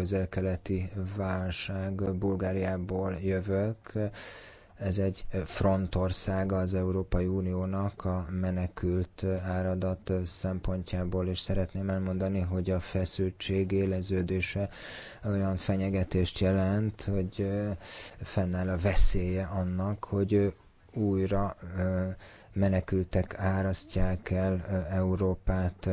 közel-keleti válság, Bulgáriából jövök. Ez egy frontország az Európai Uniónak a menekült áradat szempontjából, és szeretném elmondani, hogy a feszültség éleződése olyan fenyegetést jelent, hogy fennáll a veszélye annak, hogy újra menekültek árasztják el Európát.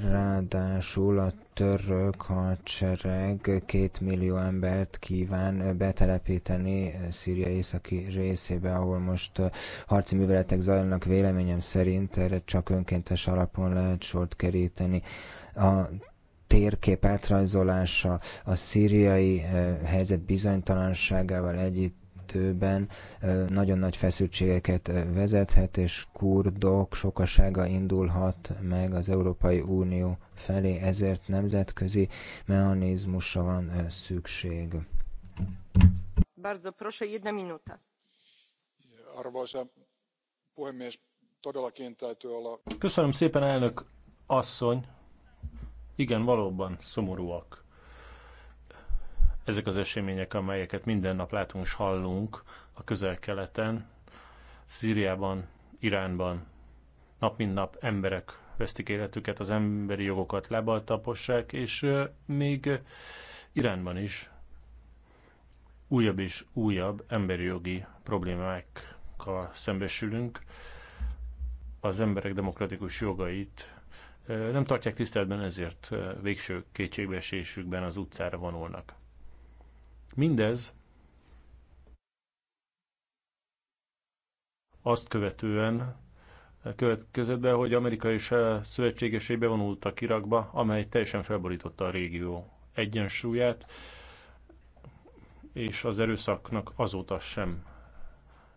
Ráadásul a török hadsereg két millió embert kíván betelepíteni Szíria északi részébe, ahol most harci műveletek zajlanak véleményem szerint, erre csak önkéntes alapon lehet sort keríteni. A térkép átrajzolása a szíriai helyzet bizonytalanságával együtt illetőben nagyon nagy feszültségeket vezethet, és kurdok sokasága indulhat meg az Európai Unió felé, ezért nemzetközi mechanizmusra van szükség. Bardzo proszę, jedna minuta. Arvoisa puhemies, todellakin täytyy olla... Köszönöm szépen, elnök asszony. Igen, valóban szomorúak ezek az események, amelyeket minden nap látunk és hallunk a közel-keleten, Szíriában, Iránban, nap mint nap emberek vesztik életüket, az emberi jogokat lábbal és még Iránban is újabb és újabb emberi jogi problémákkal szembesülünk. Az emberek demokratikus jogait nem tartják tiszteletben, ezért végső kétségbeesésükben az utcára vonulnak. Mindez azt követően következett be, hogy amerikai és szövetségesei bevonultak Irakba, amely teljesen felborította a régió egyensúlyát, és az erőszaknak azóta sem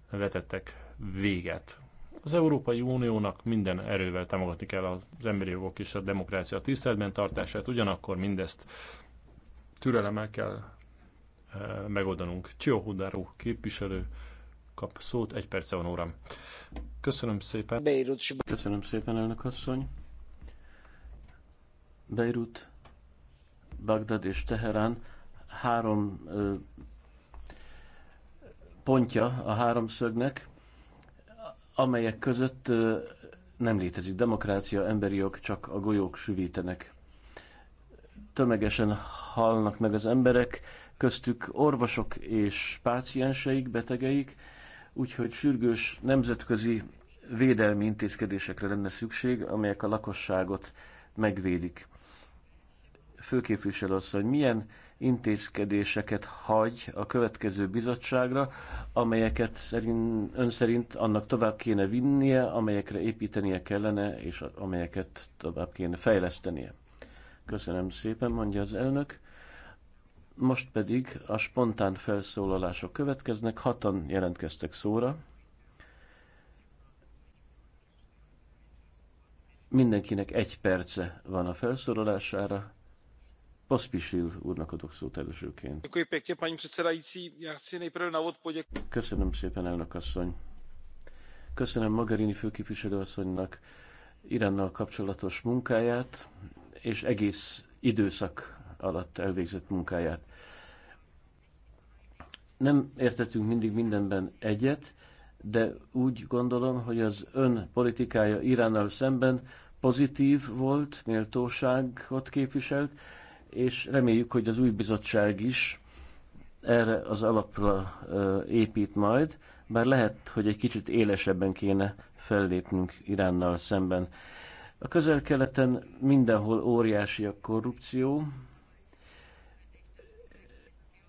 vetettek véget. Az Európai Uniónak minden erővel támogatni kell az emberi jogok és a demokrácia tiszteletben tartását, ugyanakkor mindezt türelemmel kell megoldanunk. Csio Hudaru képviselő kap szót, egy perce van óram. Köszönöm szépen. Beirut. Köszönöm szépen, elnök asszony. Beirut, Bagdad és Teherán három pontja a háromszögnek, amelyek között nem létezik demokrácia, emberi jog, csak a golyók süvítenek. Tömegesen halnak meg az emberek, köztük orvosok és pácienseik, betegeik, úgyhogy sürgős nemzetközi védelmi intézkedésekre lenne szükség, amelyek a lakosságot megvédik. Főképviselő hogy milyen intézkedéseket hagy a következő bizottságra, amelyeket szerint, ön szerint annak tovább kéne vinnie, amelyekre építenie kellene, és amelyeket tovább kéne fejlesztenie. Köszönöm szépen, mondja az elnök. Most pedig a spontán felszólalások következnek, hatan jelentkeztek szóra. Mindenkinek egy perce van a felszólalására. Pospisil úrnak adok szót elsőként. Köszönöm szépen, elnök asszony. Köszönöm Magarini főképviselőasszonynak Iránnal kapcsolatos munkáját, és egész időszak alatt elvégzett munkáját. Nem értettünk mindig mindenben egyet, de úgy gondolom, hogy az ön politikája Iránnal szemben pozitív volt, méltóságot képviselt, és reméljük, hogy az új bizottság is erre az alapra épít majd, bár lehet, hogy egy kicsit élesebben kéne fellépnünk Iránnal szemben. A közel-keleten mindenhol óriási a korrupció,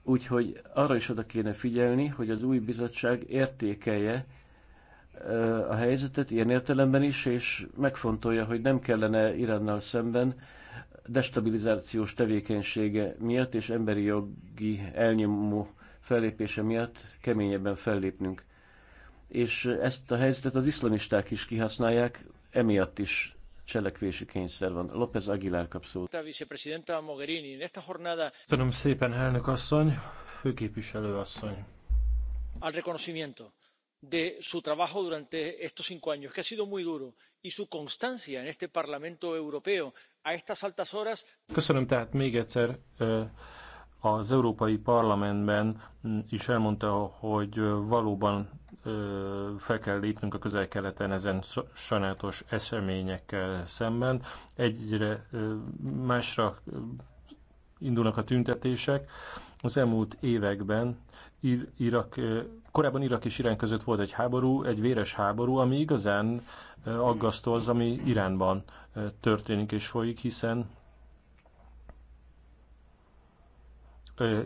Úgyhogy arra is oda kéne figyelni, hogy az új bizottság értékelje a helyzetet ilyen értelemben is, és megfontolja, hogy nem kellene Iránnal szemben destabilizációs tevékenysége miatt és emberi jogi elnyomó fellépése miatt keményebben fellépnünk. És ezt a helyzetet az iszlamisták is kihasználják, emiatt is cselekvési kényszer van. López Aguilar kap szót. Köszönöm szépen, elnök asszony, főképviselő asszony. Al reconocimiento de su trabajo durante estos cinco años que ha sido muy duro y su constancia en este parlamento europeo a estas altas horas. köszönöm tehát még egyszer az Európai Parlamentben is elmondta, hogy valóban fel kell lépnünk a közel-keleten ezen sajnálatos eseményekkel szemben. Egyre másra indulnak a tüntetések. Az elmúlt években Ir- Irak, korábban Irak és Irán között volt egy háború, egy véres háború, ami igazán aggasztó az, ami Iránban történik és folyik, hiszen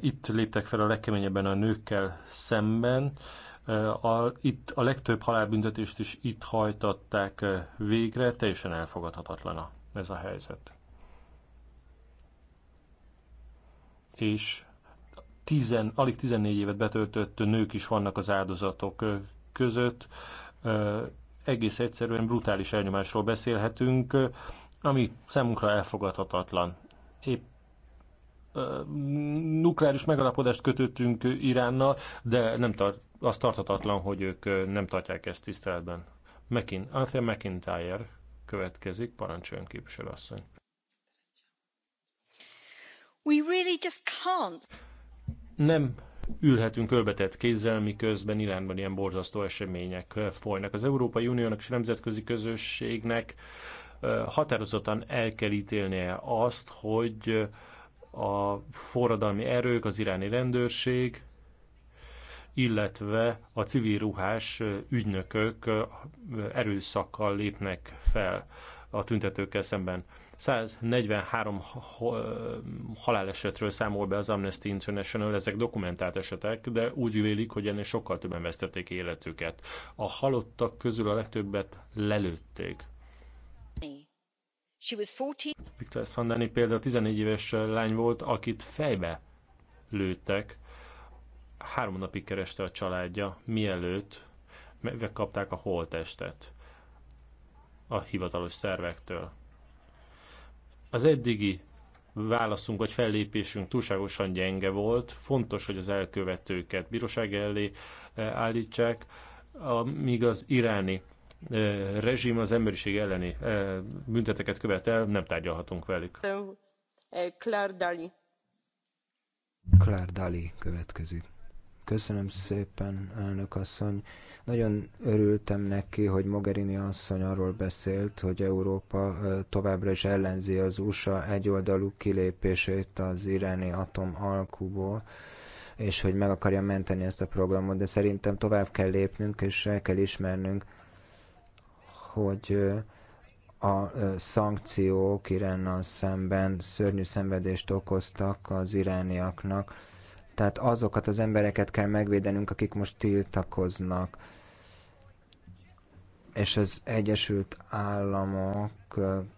itt léptek fel a legkeményebben a nőkkel szemben. A, itt a legtöbb halálbüntetést is itt hajtatták végre, teljesen elfogadhatatlan ez a helyzet. És tizen, alig 14 évet betöltött nők is vannak az áldozatok között. Egész egyszerűen brutális elnyomásról beszélhetünk, ami számunkra elfogadhatatlan. Épp nukleáris megalapodást kötöttünk Iránnal, de nem tart, az tarthatatlan, hogy ők nem tartják ezt tiszteletben. Mekin, Anthea McIntyre következik, parancsoljon képviselőasszony. We really just can't. Nem ülhetünk ölbetett kézzel, miközben Iránban ilyen borzasztó események folynak. Az Európai Uniónak és nemzetközi közösségnek határozottan el kell ítélnie azt, hogy a forradalmi erők, az iráni rendőrség, illetve a civil ruhás ügynökök erőszakkal lépnek fel a tüntetőkkel szemben. 143 halálesetről számol be az Amnesty International, ezek dokumentált esetek, de úgy vélik, hogy ennél sokkal többen vesztették életüket. A halottak közül a legtöbbet lelőtték. Viktor Fandani például 14 éves lány volt, akit fejbe lőttek. Három napig kereste a családja, mielőtt megkapták a holttestet a hivatalos szervektől. Az eddigi válaszunk vagy fellépésünk túlságosan gyenge volt, fontos, hogy az elkövetőket bíróság elé eh, állítsák, míg az iráni rezsim az emberiség elleni bünteteket követel, nem tárgyalhatunk velük. Uh, Claire Dali. Claire Dali következik. Köszönöm szépen, elnök asszony. Nagyon örültem neki, hogy Mogherini asszony arról beszélt, hogy Európa továbbra is ellenzi az USA egyoldalú kilépését az iráni atom alkuból és hogy meg akarja menteni ezt a programot, de szerintem tovább kell lépnünk, és el kell ismernünk, hogy a szankciók Iránnal szemben szörnyű szenvedést okoztak az irániaknak. Tehát azokat az embereket kell megvédenünk, akik most tiltakoznak. És az Egyesült Államok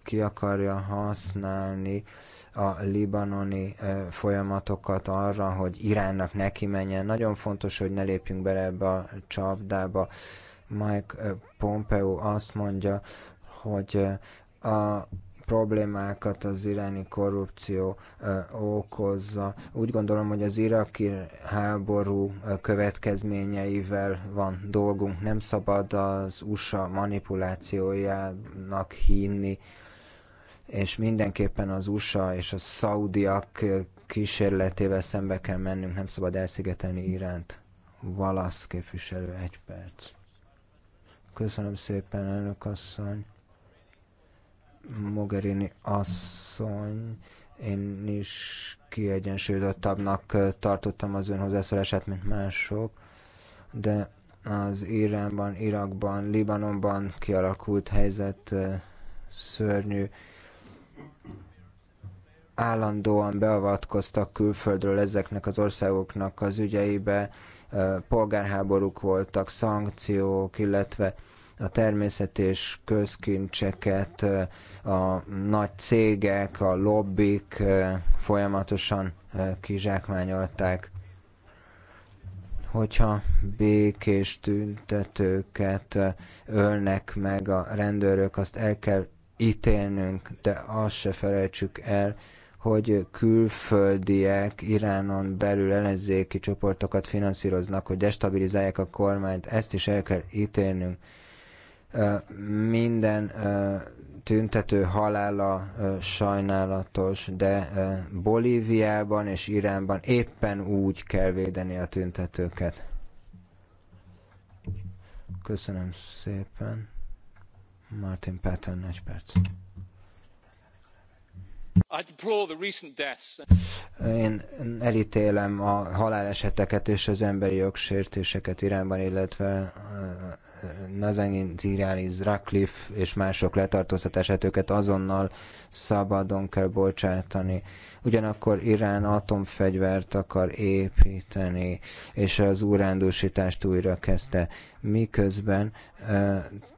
ki akarja használni a libanoni folyamatokat arra, hogy Iránnak neki menjen. Nagyon fontos, hogy ne lépjünk bele ebbe a csapdába Mike eh, Pompeo azt mondja, hogy eh, a problémákat az iráni korrupció eh, okozza. Úgy gondolom, hogy az iraki háború következményeivel van dolgunk. Nem szabad az USA manipulációjának hinni, és mindenképpen az USA és a szaudiak kísérletével szembe kell mennünk, nem szabad elszigetelni Iránt. Valasz képviselő, egy perc. Köszönöm szépen, elnök asszony. Mogherini asszony, én is kiegyensúlyozottabbnak tartottam az ön hozzászólását, mint mások, de az Iránban, Irakban, Libanonban kialakult helyzet szörnyű. Állandóan beavatkoztak külföldről ezeknek az országoknak az ügyeibe, polgárháborúk voltak, szankciók, illetve a természet és közkincseket a nagy cégek, a lobbik folyamatosan kizsákmányolták. Hogyha békés tüntetőket ölnek meg a rendőrök, azt el kell ítélnünk, de azt se felejtsük el, hogy külföldiek Iránon belül ellenzéki csoportokat finanszíroznak, hogy destabilizálják a kormányt, ezt is el kell ítélnünk. Minden tüntető halála sajnálatos, de Bolíviában és Iránban éppen úgy kell védeni a tüntetőket. Köszönöm szépen. Martin Patton, egy perc. Én elítélem a haláleseteket és az emberi jogsértéseket Iránban, illetve Nazanin Zirali, Zrakliff és mások letartóztatását őket azonnal szabadon kell bocsátani. Ugyanakkor Irán atomfegyvert akar építeni, és az urándúsítást újra kezdte. Miközben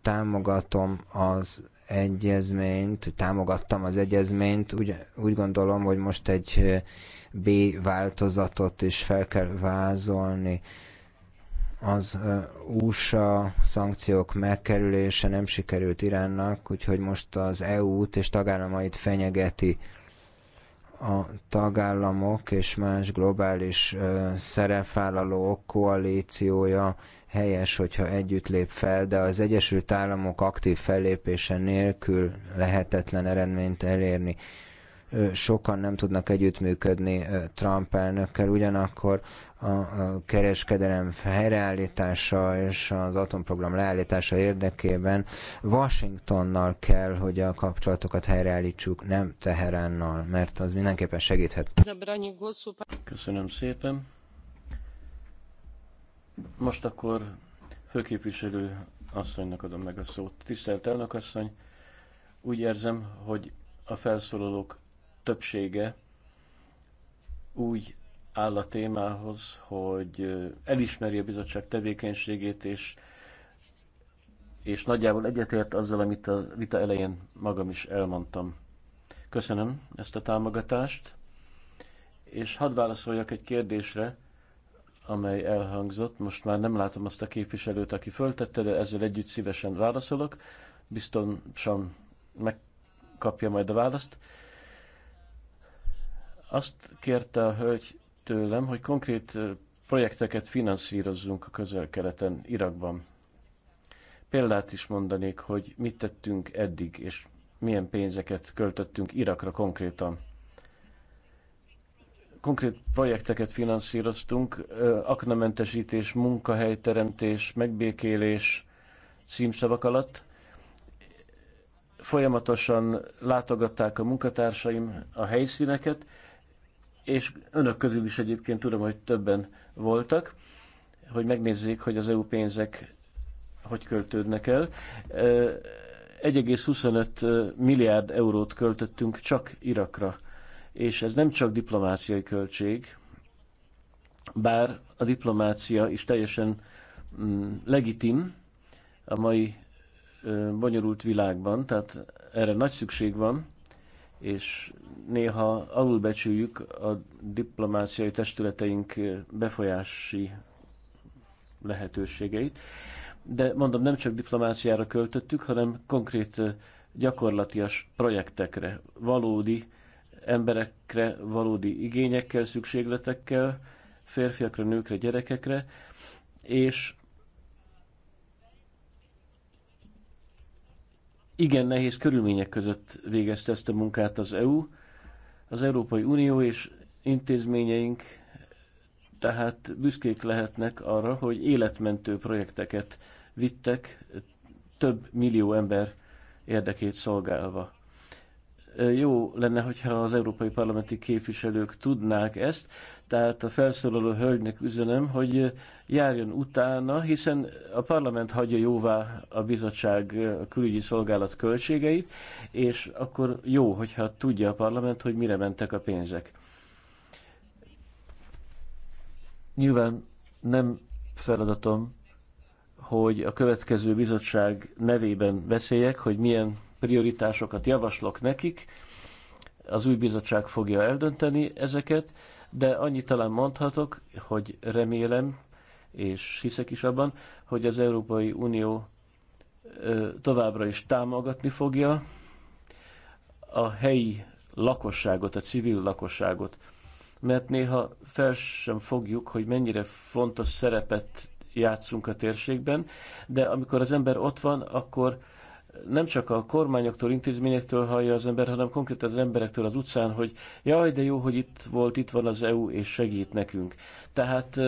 támogatom az egyezményt, támogattam az egyezményt, úgy, úgy gondolom, hogy most egy B változatot is fel kell vázolni az USA szankciók megkerülése nem sikerült Iránnak, úgyhogy most az EU-t és tagállamait fenyegeti a tagállamok és más globális szerepvállaló koalíciója helyes, hogyha együtt lép fel, de az Egyesült Államok aktív fellépése nélkül lehetetlen eredményt elérni sokan nem tudnak együttműködni Trump elnökkel, ugyanakkor a kereskedelem helyreállítása és az atomprogram leállítása érdekében Washingtonnal kell, hogy a kapcsolatokat helyreállítsuk, nem Teheránnal, mert az mindenképpen segíthet. Köszönöm szépen. Most akkor főképviselő asszonynak adom meg a szót. Tisztelt elnök asszony, úgy érzem, hogy a felszólalók többsége úgy áll a témához, hogy elismeri a bizottság tevékenységét, és, és nagyjából egyetért azzal, amit a vita elején magam is elmondtam. Köszönöm ezt a támogatást, és hadd válaszoljak egy kérdésre, amely elhangzott. Most már nem látom azt a képviselőt, aki föltette, de ezzel együtt szívesen válaszolok. Biztosan megkapja majd a választ. Azt kérte a hölgy tőlem, hogy konkrét projekteket finanszírozzunk a közel-keleten, Irakban. Példát is mondanék, hogy mit tettünk eddig, és milyen pénzeket költöttünk Irakra konkrétan. Konkrét projekteket finanszíroztunk, aknamentesítés, munkahelyteremtés, megbékélés címszavak alatt. Folyamatosan látogatták a munkatársaim a helyszíneket, és önök közül is egyébként tudom, hogy többen voltak, hogy megnézzék, hogy az EU pénzek hogy költődnek el. 1,25 milliárd eurót költöttünk csak Irakra, és ez nem csak diplomáciai költség, bár a diplomácia is teljesen mm, legitim a mai bonyolult világban, tehát erre nagy szükség van, és néha alulbecsüljük a diplomáciai testületeink befolyási lehetőségeit. De mondom, nem csak diplomáciára költöttük, hanem konkrét gyakorlatias projektekre, valódi emberekre, valódi igényekkel, szükségletekkel, férfiakra, nőkre, gyerekekre, és igen nehéz körülmények között végezte ezt a munkát az EU, az Európai Unió és intézményeink, tehát büszkék lehetnek arra, hogy életmentő projekteket vittek több millió ember érdekét szolgálva. Jó lenne, hogyha az európai parlamenti képviselők tudnák ezt. Tehát a felszólaló hölgynek üzenem, hogy járjon utána, hiszen a parlament hagyja jóvá a bizottság a külügyi szolgálat költségeit, és akkor jó, hogyha tudja a parlament, hogy mire mentek a pénzek. Nyilván nem feladatom, hogy a következő bizottság nevében beszéljek, hogy milyen prioritásokat javaslok nekik. Az új bizottság fogja eldönteni ezeket de annyit talán mondhatok, hogy remélem, és hiszek is abban, hogy az Európai Unió továbbra is támogatni fogja a helyi lakosságot, a civil lakosságot. Mert néha fel sem fogjuk, hogy mennyire fontos szerepet játszunk a térségben, de amikor az ember ott van, akkor nem csak a kormányoktól, intézményektől hallja az ember, hanem konkrétan az emberektől az utcán, hogy jaj, de jó, hogy itt volt, itt van az EU, és segít nekünk. Tehát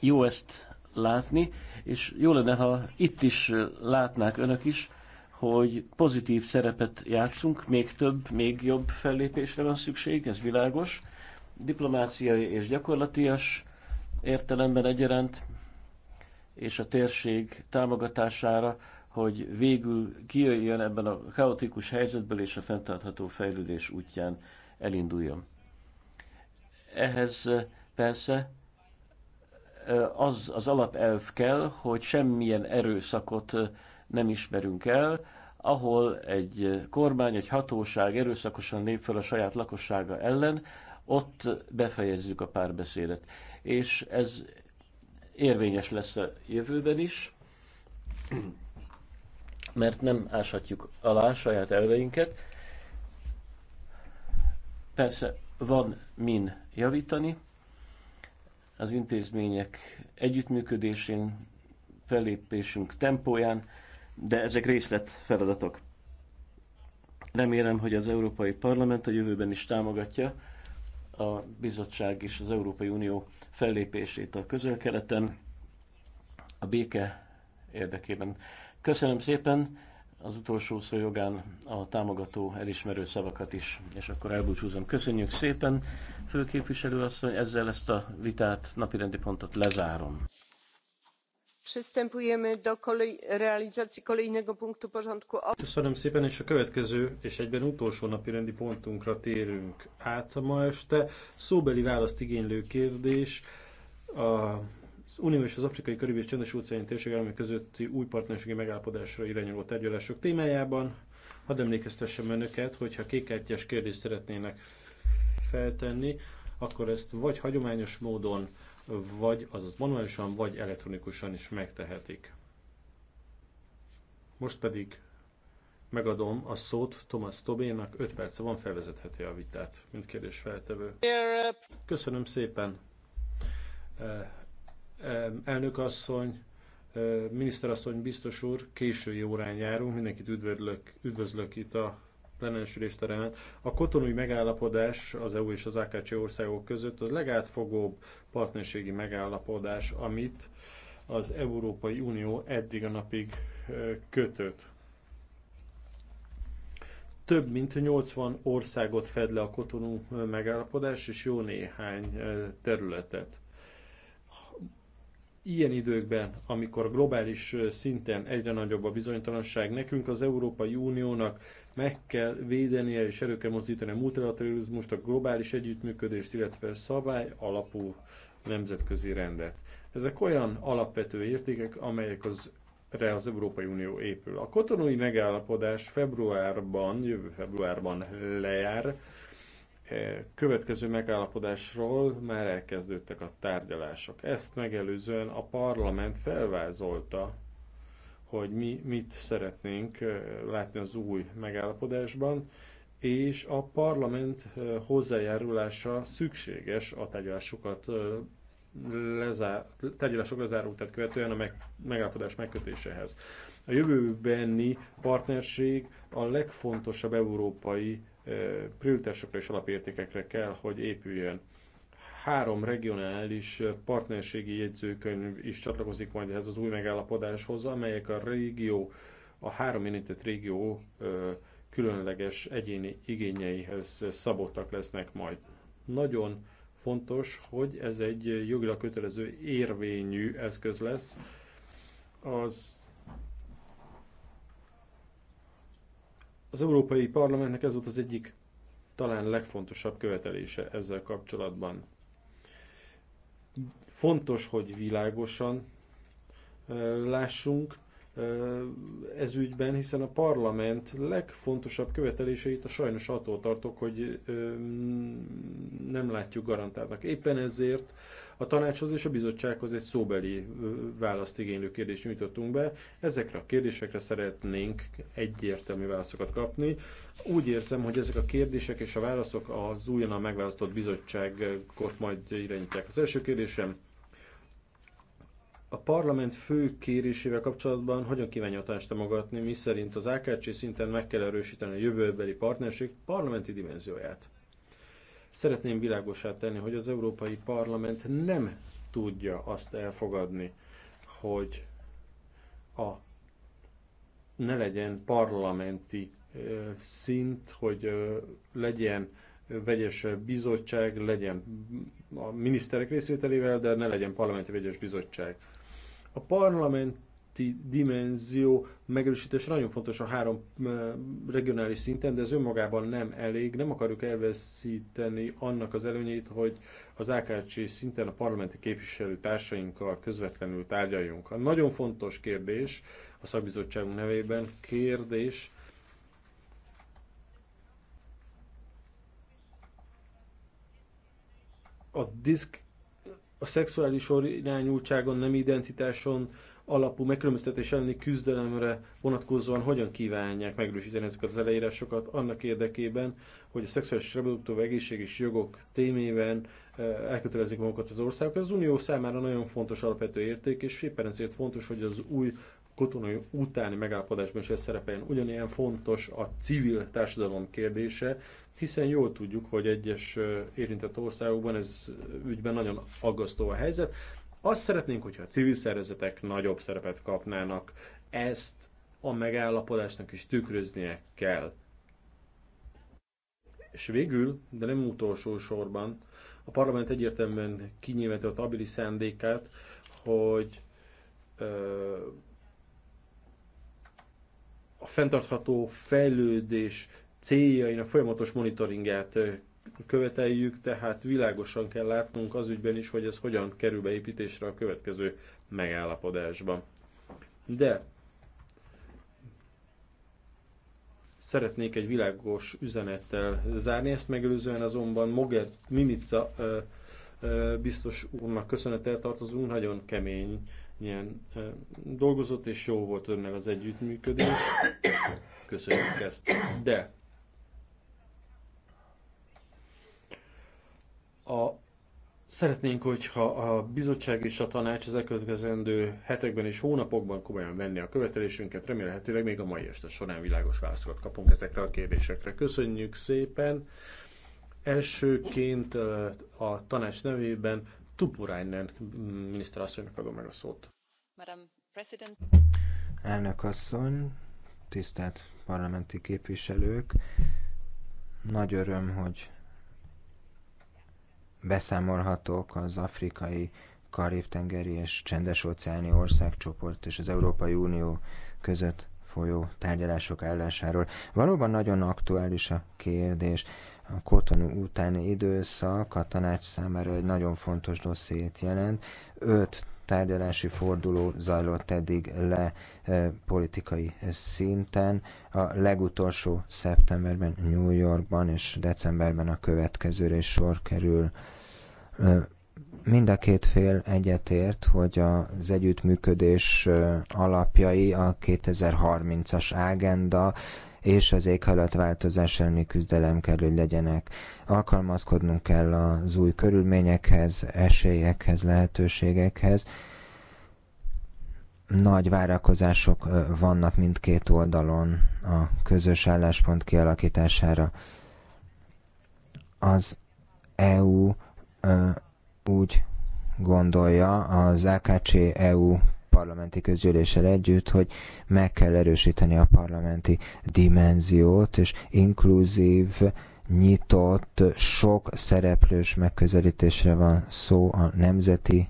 jó ezt látni, és jó lenne, ha itt is látnák önök is, hogy pozitív szerepet játszunk, még több, még jobb fellépésre van szükség, ez világos, diplomáciai és gyakorlatias értelemben egyaránt, és a térség támogatására, hogy végül kijöjjön ebben a kaotikus helyzetből és a fenntartható fejlődés útján elinduljon. Ehhez eh, persze eh, az az alapelv kell, hogy semmilyen erőszakot eh, nem ismerünk el, ahol egy kormány, egy hatóság erőszakosan lép fel a saját lakossága ellen, ott befejezzük a párbeszédet. És ez érvényes lesz a jövőben is mert nem áshatjuk alá saját elveinket. Persze van min javítani, az intézmények együttműködésén, fellépésünk tempóján, de ezek részlet feladatok. Remélem, hogy az Európai Parlament a jövőben is támogatja a bizottság és az Európai Unió fellépését a közelkeleten, a béke érdekében. Köszönöm szépen az utolsó szó jogán a támogató elismerő szavakat is, és akkor elbúcsúzom. Köszönjük szépen, főképviselő asszony, ezzel ezt a vitát, napirendi pontot lezárom. Köszönöm szépen, és a következő és egyben utolsó napi rendi pontunkra térünk át ma este. Szóbeli választ igénylő kérdés a az Unió és az Afrikai Karib és Csendes óceáni térség államai közötti új partnerségi megállapodásra irányuló tárgyalások témájában. Hadd emlékeztessem önöket, hogyha kékkártyás kérdést szeretnének feltenni, akkor ezt vagy hagyományos módon, vagy azaz manuálisan, vagy elektronikusan is megtehetik. Most pedig megadom a szót Thomas Tobénak, 5 perc van, felvezetheti a vitát, mint kérdés feltevő. Köszönöm szépen, elnökasszony, miniszterasszony, biztos úr, késői órán járunk, mindenkit üdvözlök, üdvözlök itt a plenáris ülésteremben. A kotonúi megállapodás az EU és az AKC országok között a legátfogóbb partnerségi megállapodás, amit az Európai Unió eddig a napig kötött. Több mint 80 országot fed le a kotonú megállapodás, és jó néhány területet. Ilyen időkben, amikor globális szinten egyre nagyobb a bizonytalanság, nekünk az Európai Uniónak meg kell védenie és erő kell mozdítani a multilateralizmust, a globális együttműködést, illetve szabály alapú nemzetközi rendet. Ezek olyan alapvető értékek, amelyek az re az Európai Unió épül. A kotonói megállapodás februárban, jövő februárban lejár, Eh, következő megállapodásról már elkezdődtek a tárgyalások. Ezt megelőzően a parlament felvázolta, hogy mi mit szeretnénk eh, látni az új megállapodásban, és a parlament eh, hozzájárulása szükséges a tárgyalásokat lezár, tárgyalások lezárultát követően a meg, megállapodás megkötéséhez. A jövőbeni partnerség a legfontosabb európai prioritásokra és alapértékekre kell, hogy épüljön. Három regionális partnerségi jegyzőkönyv is csatlakozik majd ehhez az új megállapodáshoz, amelyek a régió, a három érintett régió különleges egyéni igényeihez szabottak lesznek majd. Nagyon fontos, hogy ez egy jogilag kötelező érvényű eszköz lesz, az Az Európai Parlamentnek ez volt az egyik talán legfontosabb követelése ezzel kapcsolatban. Fontos, hogy világosan eh, lássunk, ez ügyben, hiszen a parlament legfontosabb követeléseit a sajnos attól tartok, hogy nem látjuk garantálnak. Éppen ezért a tanácshoz és a bizottsághoz egy szóbeli választ igénylő kérdést nyújtottunk be. Ezekre a kérdésekre szeretnénk egyértelmű válaszokat kapni. Úgy érzem, hogy ezek a kérdések és a válaszok az újonnan megválasztott bizottságot majd irányítják. Az első kérdésem, a parlament fő kérésével kapcsolatban hogyan kívánja a tanács támogatni, mi szerint az AKC szinten meg kell erősíteni a jövőbeli partnerség parlamenti dimenzióját. Szeretném világosá tenni, hogy az Európai Parlament nem tudja azt elfogadni, hogy a ne legyen parlamenti szint, hogy legyen vegyes bizottság, legyen a miniszterek részvételével, de ne legyen parlamenti vegyes bizottság. A parlamenti dimenzió megerősítése nagyon fontos a három regionális szinten, de ez önmagában nem elég. Nem akarjuk elveszíteni annak az előnyét, hogy az AKC szinten a parlamenti képviselő társainkkal közvetlenül tárgyaljunk. A nagyon fontos kérdés a szakbizottságunk nevében kérdés, a diszk a szexuális irányultságon, nem identitáson alapú megkülönböztetés elleni küzdelemre vonatkozóan hogyan kívánják megerősíteni ezeket az elejárásokat annak érdekében, hogy a szexuális és reproduktív egészség és jogok témében eh, elkötelezik magukat az országok. Ez az Unió számára nagyon fontos alapvető érték, és éppen ezért fontos, hogy az új katonai utáni megállapodásban is ez szerepeljen. Ugyanilyen fontos a civil társadalom kérdése, hiszen jól tudjuk, hogy egyes érintett országokban ez ügyben nagyon aggasztó a helyzet. Azt szeretnénk, hogyha a civil szervezetek nagyobb szerepet kapnának, ezt a megállapodásnak is tükröznie kell. És végül, de nem utolsó sorban, a parlament egyértelműen kinyilvánította abili szándékát, hogy ö, a fenntartható fejlődés céljainak folyamatos monitoringját követeljük, tehát világosan kell látnunk az ügyben is, hogy ez hogyan kerül beépítésre a következő megállapodásban. De szeretnék egy világos üzenettel zárni, ezt megelőzően azonban Moger Mimica biztos úrnak köszönettel tartozunk, nagyon kemény milyen dolgozott, és jó volt önnel az együttműködés. Köszönjük ezt. De a, szeretnénk, hogyha a bizottság és a tanács az elkövetkezendő hetekben és hónapokban komolyan venni a követelésünket, remélhetőleg még a mai este során világos válaszokat kapunk ezekre a kérdésekre. Köszönjük szépen! Elsőként a tanács nevében Tupurainen mm, miniszterasszonynak adom meg a szót. Madam President. Elnök asszony, tisztelt parlamenti képviselők, nagy öröm, hogy beszámolhatok az afrikai, karib-tengeri és csendes-óceáni országcsoport és az Európai Unió között folyó tárgyalások állásáról. Valóban nagyon aktuális a kérdés. A kotonú utáni időszak a tanács számára egy nagyon fontos dossziét jelent. Öt tárgyalási forduló zajlott eddig le eh, politikai szinten. A legutolsó szeptemberben New Yorkban és decemberben a következőre is sor kerül. Eh, mind a két fél egyetért, hogy az együttműködés eh, alapjai a 2030-as ágenda és az éghajlatváltozás elleni küzdelem kell, hogy legyenek. Alkalmazkodnunk kell az új körülményekhez, esélyekhez, lehetőségekhez. Nagy várakozások vannak mindkét oldalon a közös álláspont kialakítására. Az EU úgy gondolja az AKC EU parlamenti közgyűléssel együtt, hogy meg kell erősíteni a parlamenti dimenziót, és inkluzív, nyitott, sok szereplős megközelítésre van szó a nemzeti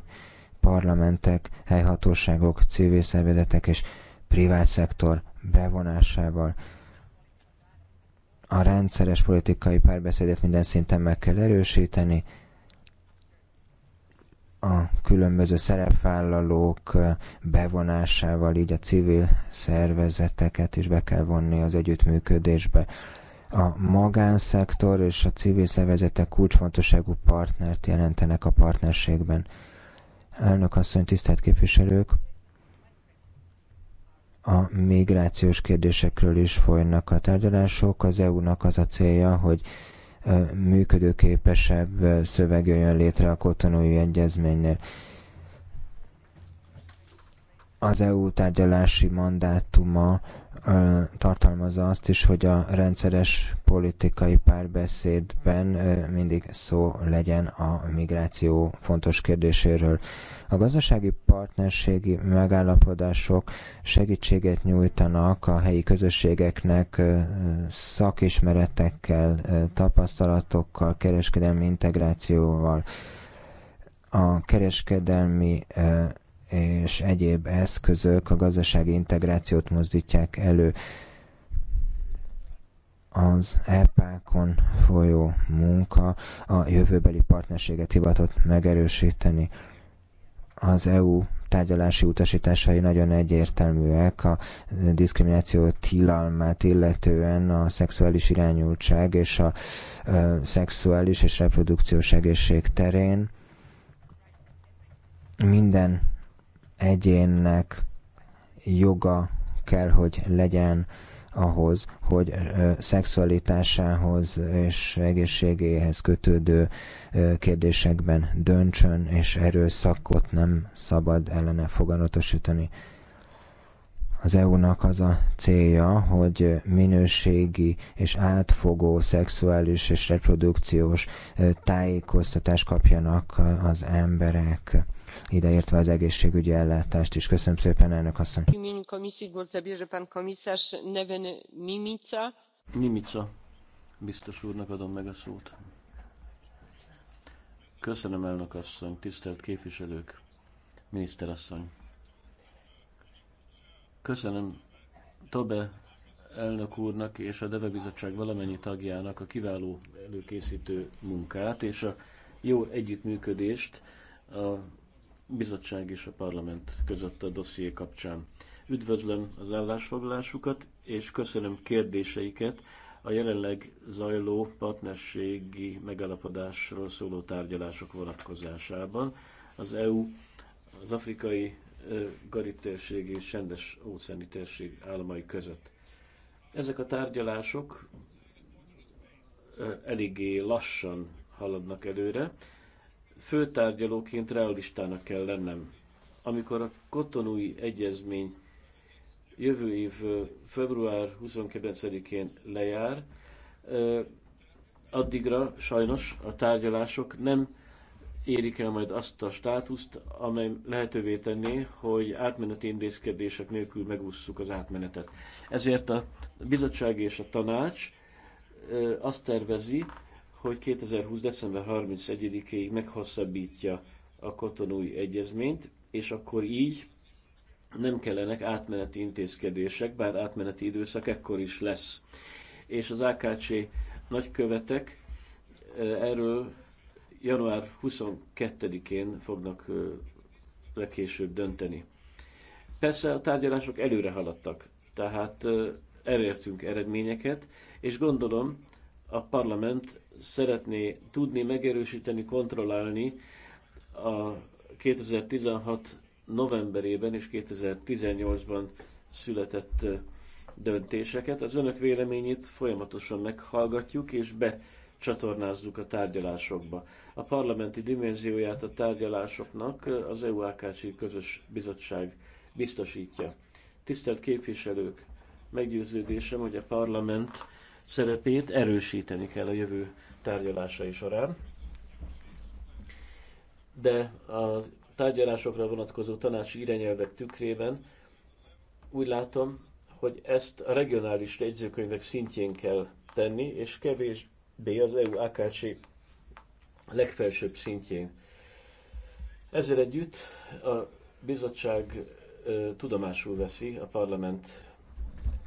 parlamentek, helyhatóságok, civil szervezetek és privát szektor bevonásával a rendszeres politikai párbeszédet minden szinten meg kell erősíteni, a különböző szerepvállalók bevonásával, így a civil szervezeteket is be kell vonni az együttműködésbe. A magánszektor és a civil szervezetek kulcsfontosságú partnert jelentenek a partnerségben. Elnök asszony, tisztelt képviselők! a migrációs kérdésekről is folynak a tárgyalások. Az EU-nak az a célja, hogy működőképesebb szöveg jön létre a kotonói egyezménynél. Az EU tárgyalási mandátuma tartalmazza azt is, hogy a rendszeres politikai párbeszédben mindig szó legyen a migráció fontos kérdéséről. A gazdasági partnerségi megállapodások segítséget nyújtanak a helyi közösségeknek szakismeretekkel, tapasztalatokkal, kereskedelmi integrációval. A kereskedelmi és egyéb eszközök a gazdasági integrációt mozdítják elő. Az EPÁKon folyó munka a jövőbeli partnerséget hivatott megerősíteni. Az EU tárgyalási utasításai nagyon egyértelműek a diszkrimináció tilalmát illetően a szexuális irányultság és a ö, szexuális és reprodukciós egészség terén minden egyénnek joga kell, hogy legyen ahhoz, hogy szexualitásához és egészségéhez kötődő kérdésekben döntsön, és erőszakot nem szabad ellene foganatosítani. Az EU-nak az a célja, hogy minőségi és átfogó szexuális és reprodukciós tájékoztatást kapjanak az emberek ideértve az egészségügyi ellátást is. Köszönöm szépen, elnök asszony. Mimica. Mimica. Biztos úrnak adom meg a szót. Köszönöm, elnök asszony, tisztelt képviselők, miniszterasszony. Köszönöm Tobe elnök úrnak és a Deve Bizottság valamennyi tagjának a kiváló előkészítő munkát és a jó együttműködést a bizottság és a parlament között a dosszié kapcsán. Üdvözlöm az állásfoglalásukat, és köszönöm kérdéseiket a jelenleg zajló partnerségi megalapodásról szóló tárgyalások vonatkozásában. Az EU az afrikai Gari térség és Sendes óceáni térség államai között. Ezek a tárgyalások eléggé lassan haladnak előre. Főtárgyalóként realistának kell lennem. Amikor a kotonúi egyezmény jövő év február 29-én lejár, addigra sajnos a tárgyalások nem érik el majd azt a státuszt, amely lehetővé tenné, hogy átmeneti intézkedések nélkül megússzuk az átmenetet. Ezért a bizottság és a tanács azt tervezi, hogy 2020. december 31-ig meghosszabbítja a kotonúi egyezményt, és akkor így nem kellenek átmeneti intézkedések, bár átmeneti időszak ekkor is lesz. És az AKC nagykövetek erről január 22-én fognak legkésőbb dönteni. Persze a tárgyalások előre haladtak, tehát elértünk eredményeket, és gondolom a parlament szeretné tudni megerősíteni, kontrollálni a 2016 novemberében és 2018-ban született döntéseket. Az önök véleményét folyamatosan meghallgatjuk és be csatornázzuk a tárgyalásokba. A parlamenti dimenzióját a tárgyalásoknak az EU-AKC közös bizottság biztosítja. Tisztelt képviselők, meggyőződésem, hogy a parlament szerepét erősíteni kell a jövő tárgyalásai során, de a tárgyalásokra vonatkozó tanácsi irányelvek tükrében úgy látom, hogy ezt a regionális jegyzőkönyvek szintjén kell tenni, és kevés B az EU AKC legfelsőbb szintjén. Ezzel együtt a bizottság tudomásul veszi a parlament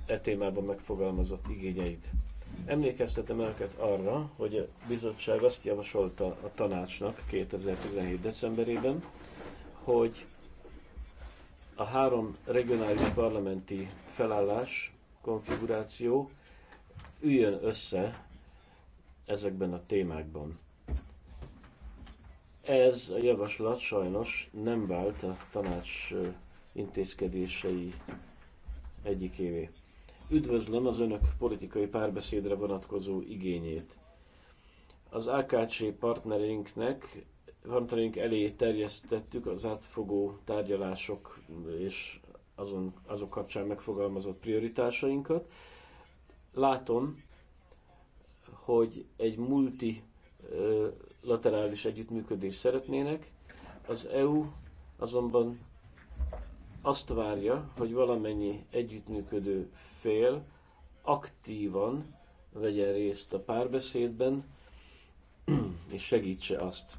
e témában megfogalmazott igényeit. Emlékeztetem önöket arra, hogy a bizottság azt javasolta a tanácsnak 2017. decemberében, hogy a három regionális parlamenti felállás, konfiguráció üljön össze ezekben a témákban. Ez a javaslat sajnos nem vált a tanács intézkedései egyikévé. Üdvözlöm az önök politikai párbeszédre vonatkozó igényét. Az AKC partnerinknek, partnerink elé terjesztettük az átfogó tárgyalások és azon, azok kapcsán megfogalmazott prioritásainkat. Látom, hogy egy multilaterális együttműködést szeretnének. Az EU azonban azt várja, hogy valamennyi együttműködő fél aktívan vegyen részt a párbeszédben, és segítse azt.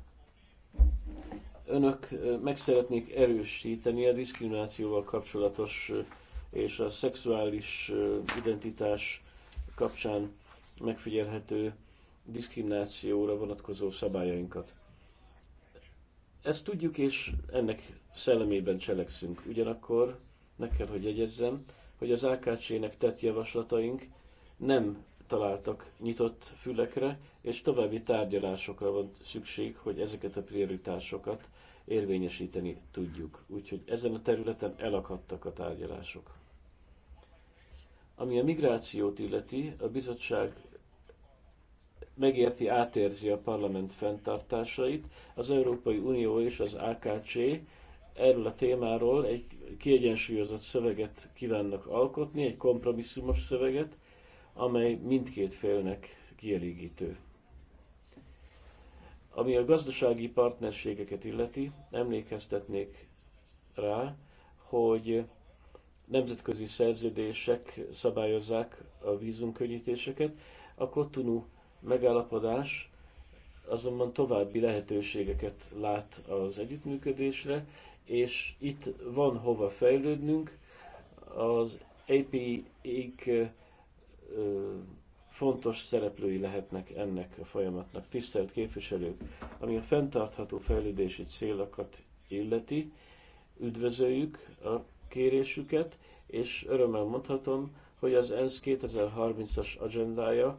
Önök meg szeretnék erősíteni a diszkriminációval kapcsolatos és a szexuális identitás kapcsán megfigyelhető diszkriminációra vonatkozó szabályainkat. Ezt tudjuk, és ennek szellemében cselekszünk. Ugyanakkor meg kell, hogy jegyezzem, hogy az AKC-nek tett javaslataink nem találtak nyitott fülekre, és további tárgyalásokra van szükség, hogy ezeket a prioritásokat érvényesíteni tudjuk. Úgyhogy ezen a területen elakadtak a tárgyalások. Ami a migrációt illeti, a bizottság megérti, átérzi a parlament fenntartásait. Az Európai Unió és az AKC erről a témáról egy kiegyensúlyozott szöveget kívánnak alkotni, egy kompromisszumos szöveget, amely mindkét félnek kielégítő. Ami a gazdasági partnerségeket illeti, emlékeztetnék rá, hogy nemzetközi szerződések szabályozzák a vízunkönnyítéseket. A Kotunu megállapodás azonban további lehetőségeket lát az együttműködésre, és itt van hova fejlődnünk. Az API-k fontos szereplői lehetnek ennek a folyamatnak, tisztelt képviselők, ami a fenntartható fejlődési célokat illeti, üdvözöljük a kérésüket, és örömmel mondhatom, hogy az ENSZ 2030-as agendája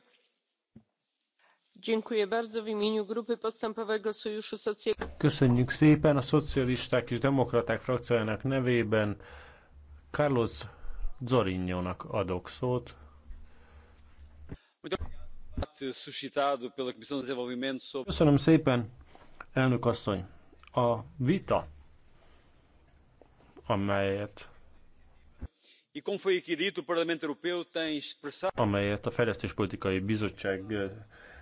Köszönjük szépen a szocialisták és demokraták frakciójának nevében Carlos Zorinjónak adok szót. Köszönöm szépen, elnök asszony. A vita, amelyet amelyet a Fejlesztéspolitikai Bizottság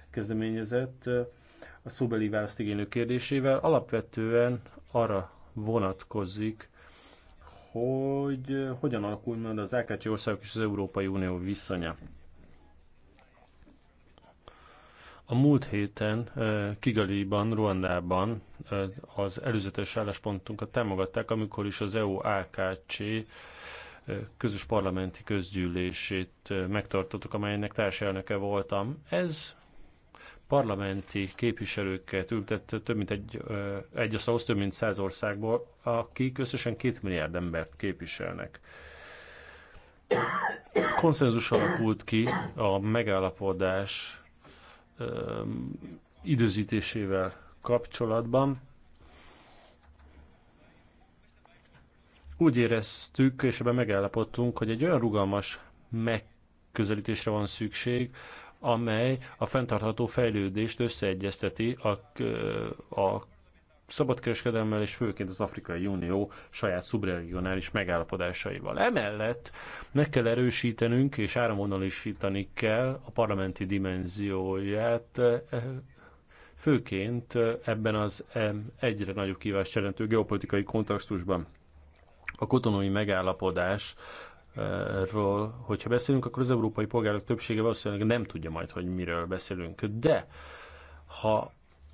kezdeményezett a szóbeli választ igénylő kérdésével, alapvetően arra vonatkozik, hogy hogyan alakul majd az AKC országok és az Európai Unió viszonya. A múlt héten Kigaliban, Ruandában az előzetes álláspontunkat támogatták, amikor is az EU-AKC közös parlamenti közgyűlését megtartottuk, amelynek társelnöke voltam. Ez parlamenti képviselőket ültett több mint egy, egy asztalhoz, több mint száz országból, akik összesen két milliárd embert képviselnek. Konszenzus alakult ki a megállapodás időzítésével kapcsolatban. Úgy éreztük, és ebben megállapodtunk, hogy egy olyan rugalmas megközelítésre van szükség, amely a fenntartható fejlődést összeegyezteti a, a szabadkereskedelmmel és főként az Afrikai Unió saját szubregionális megállapodásaival. Emellett meg kell erősítenünk és áramvonalisítani kell a parlamenti dimenzióját, főként ebben az egyre nagyobb kívást jelentő geopolitikai kontextusban. A kotonói megállapodás ról, hogyha beszélünk, akkor az európai polgárok többsége valószínűleg nem tudja majd, hogy miről beszélünk. De ha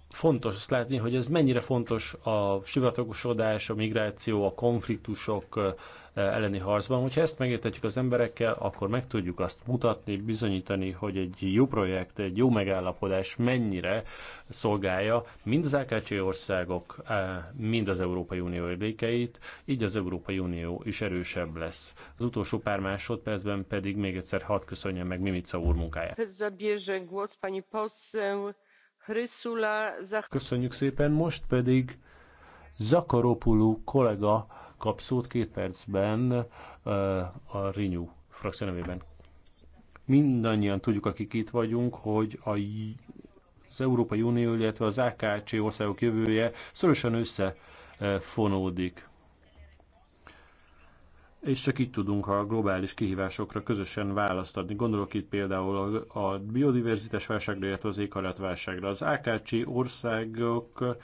fontos azt látni, hogy ez mennyire fontos a sivatagosodás, a migráció, a konfliktusok elleni harcban. Hogyha ezt megértetjük az emberekkel, akkor meg tudjuk azt mutatni, bizonyítani, hogy egy jó projekt, egy jó megállapodás mennyire szolgálja mind az AKC országok, eh, mind az Európai Unió érdekeit, így az Európai Unió is erősebb lesz. Az utolsó pár másodpercben pedig még egyszer hadd köszönjem meg Mimica úr munkáját. Köszönjük szépen, most pedig Zakaropulu kollega kap szót két percben eh, a Renew frakció nevében. Mindannyian tudjuk, akik itt vagyunk, hogy a az Európai Unió, illetve az AKC országok jövője szorosan összefonódik és csak így tudunk a globális kihívásokra közösen választ adni. Gondolok itt például a biodiverzitás válságra, illetve az válságra. Az AKC országok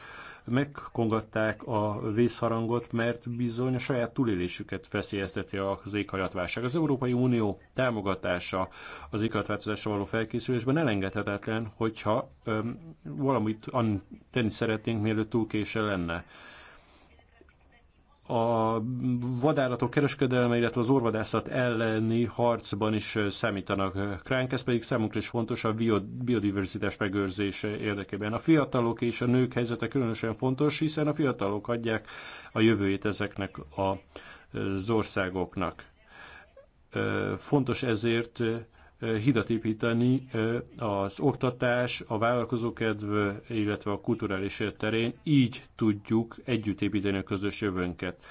megkongatták a vészharangot, mert bizony a saját túlélésüket veszélyezteti az válság. Az Európai Unió támogatása az éghajlatváltozásra való felkészülésben elengedhetetlen, hogyha öm, valamit tenni szeretnénk, mielőtt túl késő lenne a vadállatok kereskedelme, illetve az orvadászat elleni harcban is számítanak ránk, ez pedig számunkra is fontos a biodiverzitás megőrzése érdekében. A fiatalok és a nők helyzete különösen fontos, hiszen a fiatalok adják a jövőjét ezeknek a, az országoknak. Fontos ezért hidat építeni az oktatás, a vállalkozókedv, illetve a kulturális élet terén, így tudjuk együtt építeni a közös jövőnket.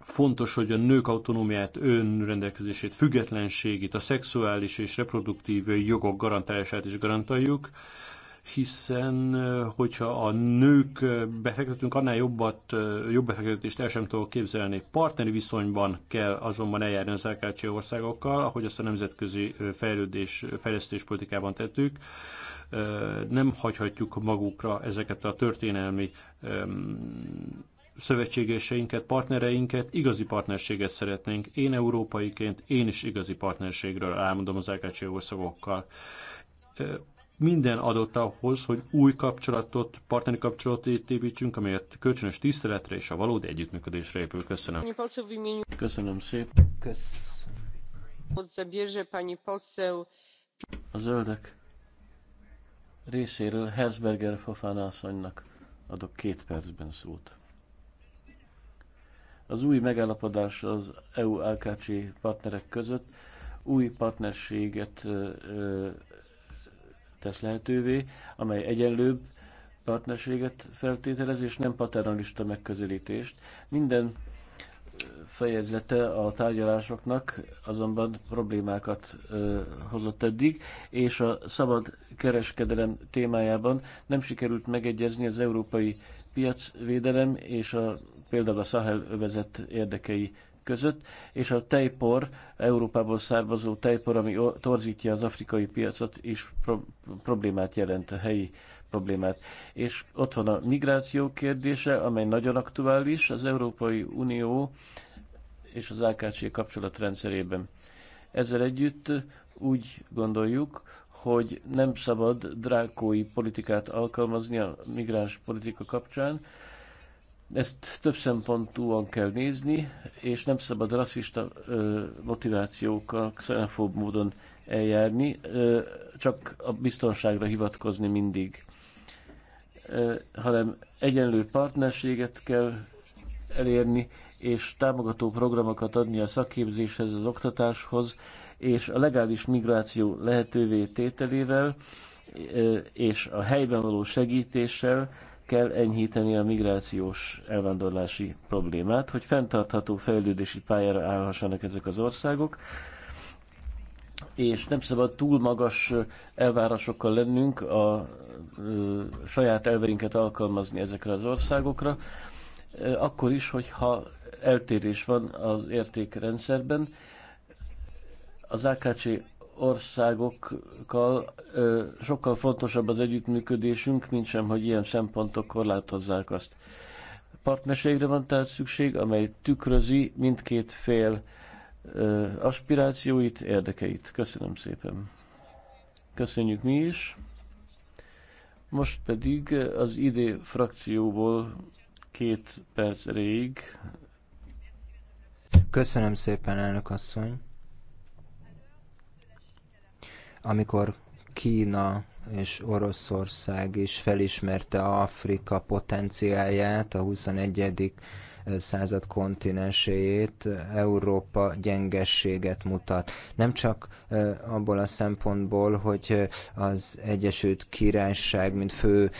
Fontos, hogy a nők autonómiát, önrendelkezését, függetlenségét, a szexuális és reproduktív jogok garantálását is garantáljuk, hiszen hogyha a nők befektetünk, annál jobbat, jobb befektetést el sem tudok képzelni. Partneri viszonyban kell azonban eljárni az LKC országokkal, ahogy azt a nemzetközi fejlődés, fejlesztés politikában tettük. Nem hagyhatjuk magukra ezeket a történelmi szövetségeseinket, partnereinket, igazi partnerséget szeretnénk. Én európaiként, én is igazi partnerségről álmodom az LKC országokkal minden adott ahhoz, hogy új kapcsolatot, partneri kapcsolatot építsünk, amelyet kölcsönös tiszteletre és a valódi együttműködésre épül. Köszönöm. Köszönöm szépen. Köszönöm. A zöldek részéről Herzberger Fafán asszonynak adok két percben szót. Az új megállapodás az EU-AKC partnerek között új partnerséget tesz lehetővé, amely egyenlőbb partnerséget feltételez, és nem paternalista megközelítést. Minden fejezete a tárgyalásoknak azonban problémákat ö, hozott eddig, és a szabad kereskedelem témájában nem sikerült megegyezni az európai piacvédelem és a, például a Sahel övezet érdekei között, és a tejpor, Európából származó tejpor, ami torzítja az afrikai piacot, is pro- problémát jelent a helyi problémát. És ott van a migráció kérdése, amely nagyon aktuális az Európai Unió és az AKC kapcsolatrendszerében. Ezzel együtt úgy gondoljuk, hogy nem szabad drákói politikát alkalmazni a migráns politika kapcsán, ezt több szempontúan kell nézni, és nem szabad rasszista motivációkkal, xenofób módon eljárni, csak a biztonságra hivatkozni mindig, hanem egyenlő partnerséget kell elérni, és támogató programokat adni a szakképzéshez, az oktatáshoz, és a legális migráció lehetővé tételével, és a helyben való segítéssel kell enyhíteni a migrációs elvándorlási problémát, hogy fenntartható fejlődési pályára állhassanak ezek az országok, és nem szabad túl magas elvárásokkal lennünk, a ö, saját elveinket alkalmazni ezekre az országokra, ö, akkor is, hogyha eltérés van az értékrendszerben. Az AKC országokkal sokkal fontosabb az együttműködésünk, mint sem, hogy ilyen szempontok korlátozzák azt. Partnerségre van tehát szükség, amely tükrözi mindkét fél aspirációit, érdekeit. Köszönöm szépen. Köszönjük mi is. Most pedig az idé frakcióból két perc rég. Köszönöm szépen, elnök asszony amikor Kína és Oroszország is felismerte Afrika potenciáját a 21 század kontinenséjét, Európa gyengességet mutat. Nem csak abból a szempontból, hogy az Egyesült Királyság, mint fő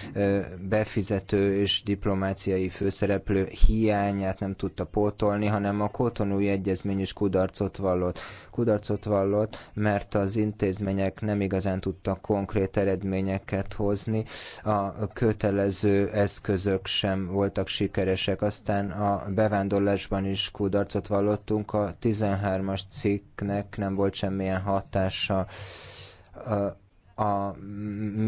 befizető és diplomáciai főszereplő hiányát nem tudta pótolni, hanem a kotonúi egyezmény is kudarcot vallott. Kudarcot vallott, mert az intézmények nem igazán tudtak konkrét eredményeket hozni, a kötelező eszközök sem voltak sikeresek. Aztán a bevándorlásban is kudarcot vallottunk, a 13-as cikknek nem volt semmilyen hatása a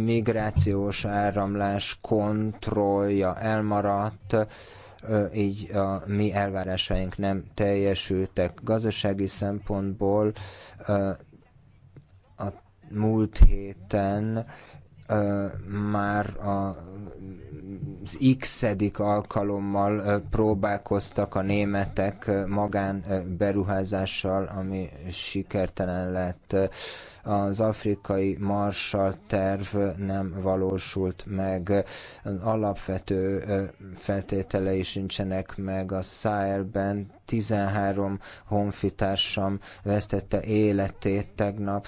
migrációs áramlás kontrollja elmaradt, így a mi elvárásaink nem teljesültek. Gazdasági szempontból a múlt héten már a az x alkalommal próbálkoztak a németek magán beruházással, ami sikertelen lett. Az afrikai Marshall terv nem valósult meg, az alapvető feltételei sincsenek meg a Száhelben. 13 honfitársam vesztette életét tegnap,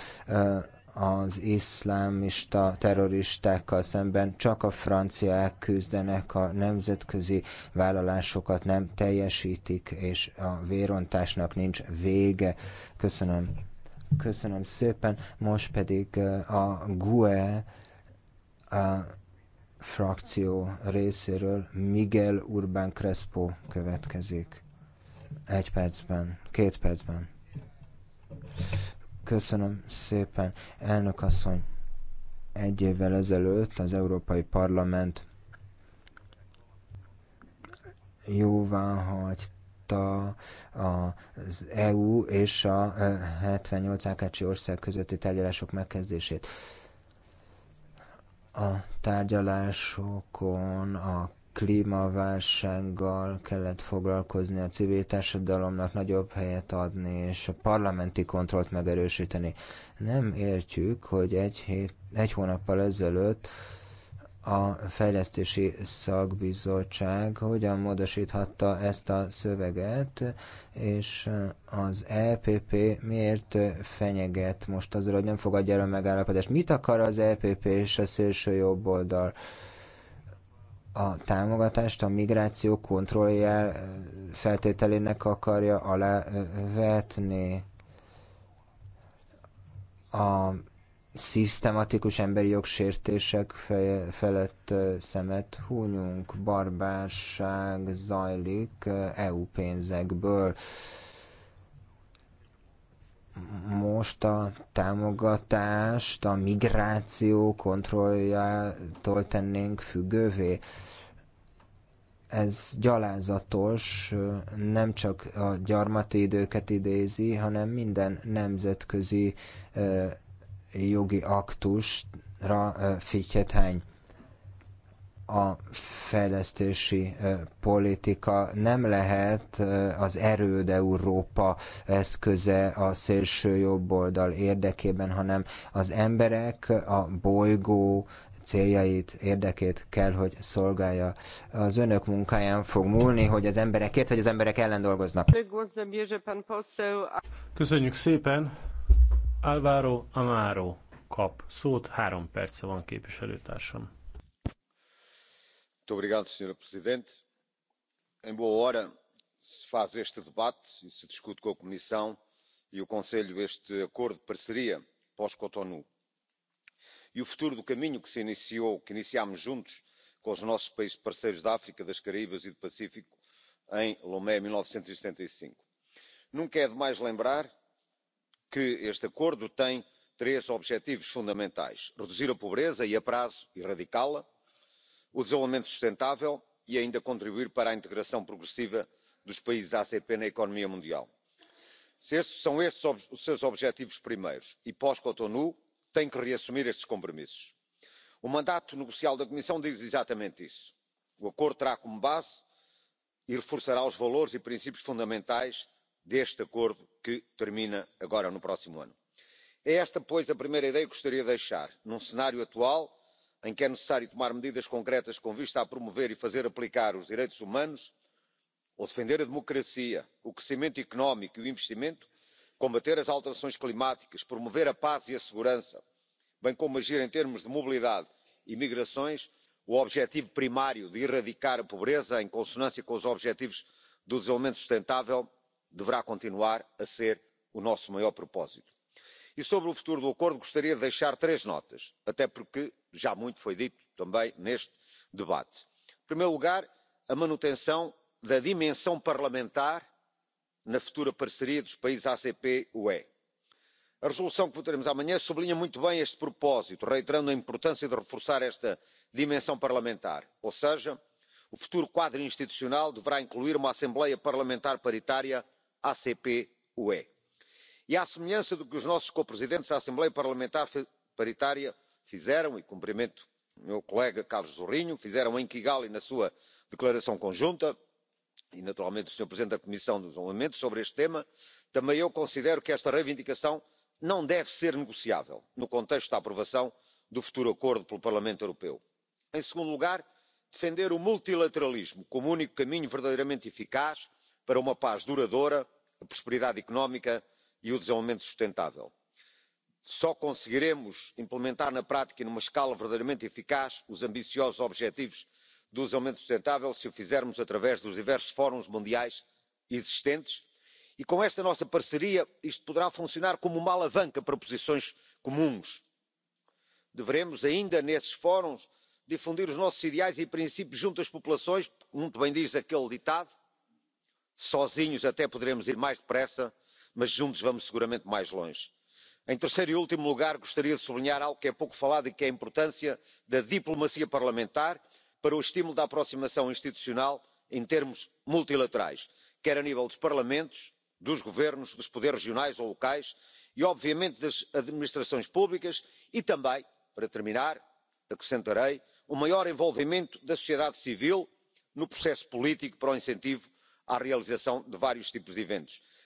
az iszlámista terroristákkal szemben csak a franciák küzdenek, a nemzetközi vállalásokat nem teljesítik, és a vérontásnak nincs vége. Köszönöm. Köszönöm szépen. Most pedig eh, a GUE a eh, frakció részéről Miguel Urbán Crespo következik. Egy percben, két percben. Köszönöm szépen, elnök asszony. Egy évvel ezelőtt az Európai Parlament jóvá hagyta az EU és a 78 e, Ákácsi ország közötti tárgyalások megkezdését. A tárgyalásokon a klímaválsággal kellett foglalkozni, a civil társadalomnak nagyobb helyet adni, és a parlamenti kontrollt megerősíteni. Nem értjük, hogy egy, hét, egy hónappal ezelőtt a fejlesztési szakbizottság hogyan módosíthatta ezt a szöveget, és az EPP miért fenyeget most azzal, hogy nem fogadja el a megállapodást. Mit akar az EPP és a szélső jobb oldal? a támogatást a migráció kontrolljel feltételének akarja alávetni. A szisztematikus emberi jogsértések feje, felett szemet hunyunk, barbárság zajlik EU pénzekből most a támogatást a migráció kontrolljától tennénk függővé. Ez gyalázatos, nem csak a gyarmati időket idézi, hanem minden nemzetközi jogi aktusra fityethány a fejlesztési politika nem lehet az erőd Európa eszköze a szélső jobboldal érdekében, hanem az emberek, a bolygó céljait, érdekét kell, hogy szolgálja. Az önök munkáján fog múlni, hogy az emberekért, hogy az emberek ellen dolgoznak. Köszönjük szépen! Alvaro Amaro kap szót, három perce van képviselőtársam senhora presidente em boa hora se faz este debate e se discute com a comissão e o conselho este acordo de parceria pós cotonou e o futuro do caminho que iniciámos juntos com os nossos países parceiros da áfrica das caraíbas e do pacífico em lomé em. mil novecentos e setenta e cinco nunca é demais lembrar que este acordo tem três objetivos fundamentais reduzir a pobreza e a prazo erradicá la; o desenvolvimento sustentável e ainda contribuir para a integração progressiva dos países acp na economia mundial. se são esses os seus objetivos primeiros e pós cotonou tem que reassumir estes compromissos. o mandato negocial da comissão diz exatamente isso. o acordo terá como base e reforçará os valores e princípios fundamentais deste acordo que termina agora no próximo ano. é esta pois a primeira ideia que gostaria de deixar num cenário atual em que é necessário tomar medidas concretas com vista a promover e fazer aplicar os direitos humanos ou defender a democracia o crescimento económico e o investimento combater as alterações climáticas promover a paz e a segurança bem como agir em termos de mobilidade e migrações o objetivo primário de erradicar a pobreza em consonância com os objetivos do desenvolvimento sustentável deverá continuar a ser o nosso maior propósito e sobre o futuro do acordo gostaria de deixar três notas até porque já muito foi dito também neste debate. em primeiro lugar a manutenção da dimensão parlamentar na futura parceria dos países acp ue. a resolução que votaremos amanhã sublinha muito bem este propósito reiterando a importância de reforçar esta dimensão parlamentar ou seja o futuro quadro institucional deverá incluir uma assembleia parlamentar paritária acp ue e à semelhança do que os nossos copresidentes da assembleia parlamentar paritária fizeram e cumprimento o meu colega carlos zorrinho fizeram em kigali na sua declaração conjunta e naturalmente o senhor presidente da comissão nos desenvolvimento sobre este tema também eu considero que esta reivindicação não deve ser negociável no contexto da aprovação do futuro acordo pelo parlamento europeu. em segundo lugar defender o multilateralismo como o único caminho verdadeiramente eficaz para uma paz duradoura a prosperidade económica e o desenvolvimento sustentável. só conseguiremos implementar na prática e numa escala verdadeiramente eficaz os ambiciosos objetivos do desenvolvimento sustentável se o fizermos através dos diversos fóruns mundiais existentes e com esta nossa parceria isto poderá funcionar como uma alavanca para posições comuns. deveremos ainda nesses fóruns difundir os nossos ideais e princípios junto às populações muito bem diz aquele ditado sozinhos até poderemos ir mais depressa mas juntos vamos seguramente mais longe. em terceiro e último lugar gostaria de sublinhar algo que é pouco falado e que é a importância da diplomacia parlamentar para o estímulo da aproximação institucional em termos multilaterais quer a nível dos parlamentos dos governos dos poderes regionais ou locais e obviamente das administrações públicas e também para terminar acrescentarei o maior envolvimento da sociedade civil no processo político para o incentivo à realização de vários tipos de eventos.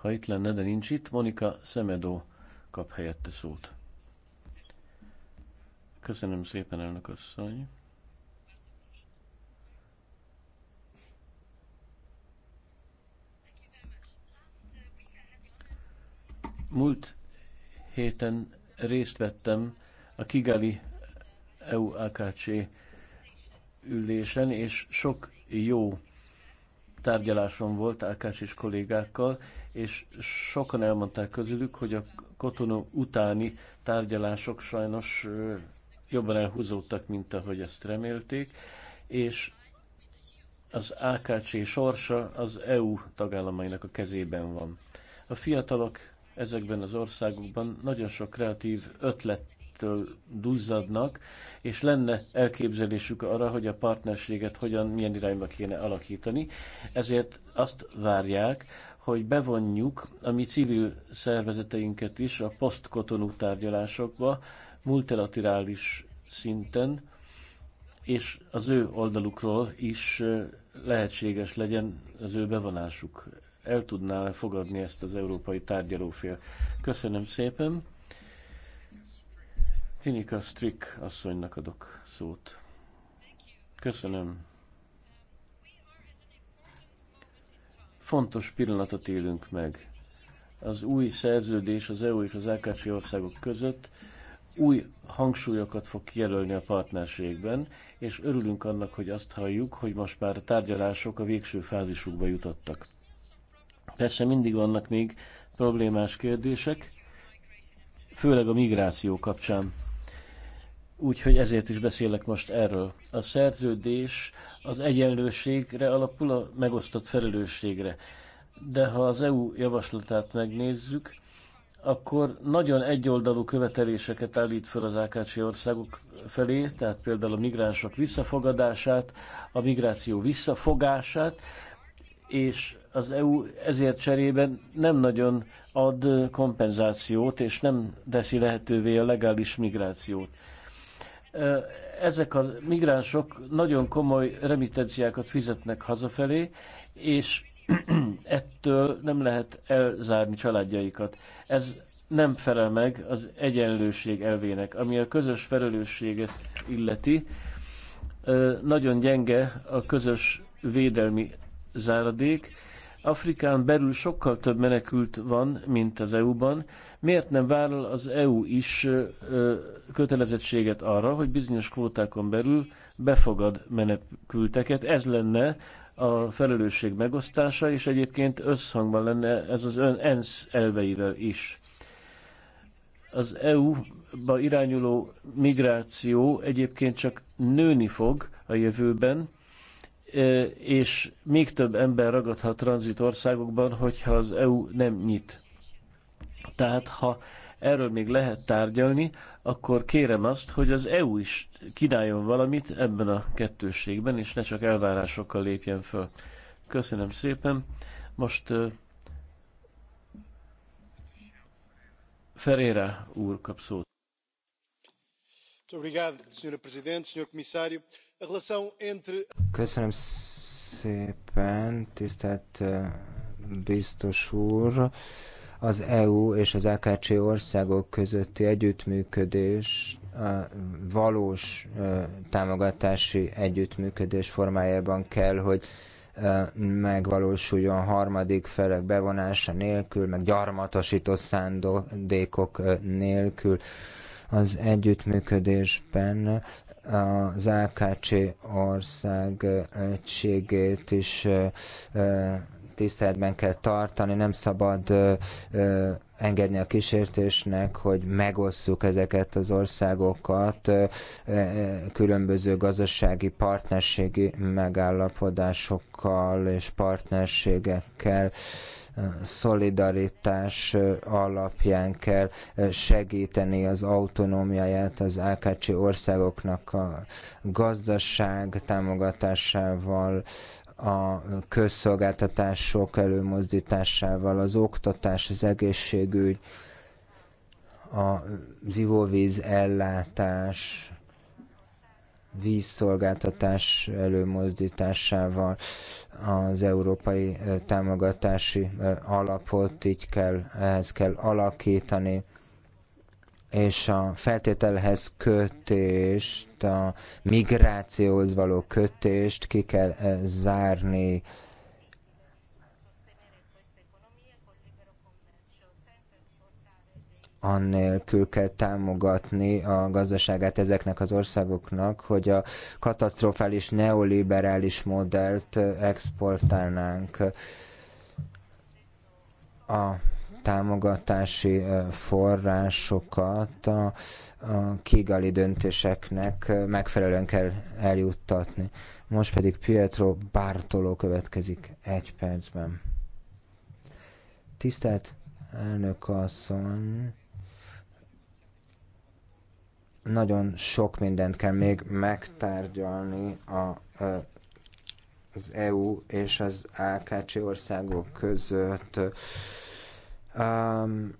ha itt lenne, de nincs itt. Monika Szemedó kap helyette szót. Köszönöm szépen, elnök asszony. Múlt héten részt vettem a Kigali EU-AKC ülésen, és sok jó tárgyaláson volt Ákás és kollégákkal, és sokan elmondták közülük, hogy a Kotonó utáni tárgyalások sajnos jobban elhúzódtak, mint ahogy ezt remélték, és az AKC sorsa az EU tagállamainak a kezében van. A fiatalok ezekben az országokban nagyon sok kreatív ötlet ettől duzzadnak, és lenne elképzelésük arra, hogy a partnerséget hogyan, milyen irányba kéne alakítani. Ezért azt várják, hogy bevonjuk a mi civil szervezeteinket is a posztkotonú tárgyalásokba, multilaterális szinten, és az ő oldalukról is lehetséges legyen az ő bevonásuk. El tudná fogadni ezt az európai tárgyalófél. Köszönöm szépen. Finika Strick asszonynak adok szót. Köszönöm. Fontos pillanatot élünk meg. Az új szerződés az EU és az LKC országok között új hangsúlyokat fog kijelölni a partnerségben, és örülünk annak, hogy azt halljuk, hogy most már a tárgyalások a végső fázisukba jutottak. Persze mindig vannak még problémás kérdések, főleg a migráció kapcsán úgyhogy ezért is beszélek most erről. A szerződés az egyenlőségre alapul a megosztott felelősségre. De ha az EU javaslatát megnézzük, akkor nagyon egyoldalú követeléseket állít fel az Ákácsi országok felé, tehát például a migránsok visszafogadását, a migráció visszafogását, és az EU ezért cserében nem nagyon ad kompenzációt, és nem teszi lehetővé a legális migrációt ezek a migránsok nagyon komoly remitenciákat fizetnek hazafelé, és ettől nem lehet elzárni családjaikat. Ez nem felel meg az egyenlőség elvének, ami a közös felelősséget illeti. Nagyon gyenge a közös védelmi záradék. Afrikán belül sokkal több menekült van, mint az EU-ban, Miért nem vállal az EU is kötelezettséget arra, hogy bizonyos kvótákon belül befogad menekülteket? Ez lenne a felelősség megosztása, és egyébként összhangban lenne ez az ön ENSZ elveivel is. Az EU-ba irányuló migráció egyébként csak nőni fog a jövőben, és még több ember ragadhat tranzitországokban, hogyha az EU nem nyit. Tehát ha erről még lehet tárgyalni, akkor kérem azt, hogy az EU is kínáljon valamit ebben a kettőségben, és ne csak elvárásokkal lépjen föl. Köszönöm szépen. Most uh, Ferreira úr kap szót. Köszönöm szépen, tisztelt biztos úr. Az EU és az AKC országok közötti együttműködés a valós támogatási együttműködés formájában kell, hogy megvalósuljon harmadik felek bevonása nélkül, meg gyarmatosító szándékok nélkül az együttműködésben az AKC ország egységét is tiszteletben kell tartani, nem szabad engedni a kísértésnek, hogy megosszuk ezeket az országokat különböző gazdasági partnerségi megállapodásokkal és partnerségekkel szolidaritás alapján kell segíteni az autonómiáját az AKC országoknak a gazdaság támogatásával, a közszolgáltatások előmozdításával, az oktatás, az egészségügy, az ivóvíz ellátás, vízszolgáltatás előmozdításával az európai támogatási alapot így kell, ehhez kell alakítani és a feltételhez kötést, a migrációhoz való kötést ki kell eh, zárni. annélkül kell támogatni a gazdaságát ezeknek az országoknak, hogy a katasztrofális neoliberális modellt eh, exportálnánk. A támogatási forrásokat a, a kigali döntéseknek megfelelően kell eljuttatni. Most pedig Pietro Bartolo következik egy percben. Tisztelt elnök asszony, nagyon sok mindent kell még megtárgyalni a, az EU és az AKC országok között um,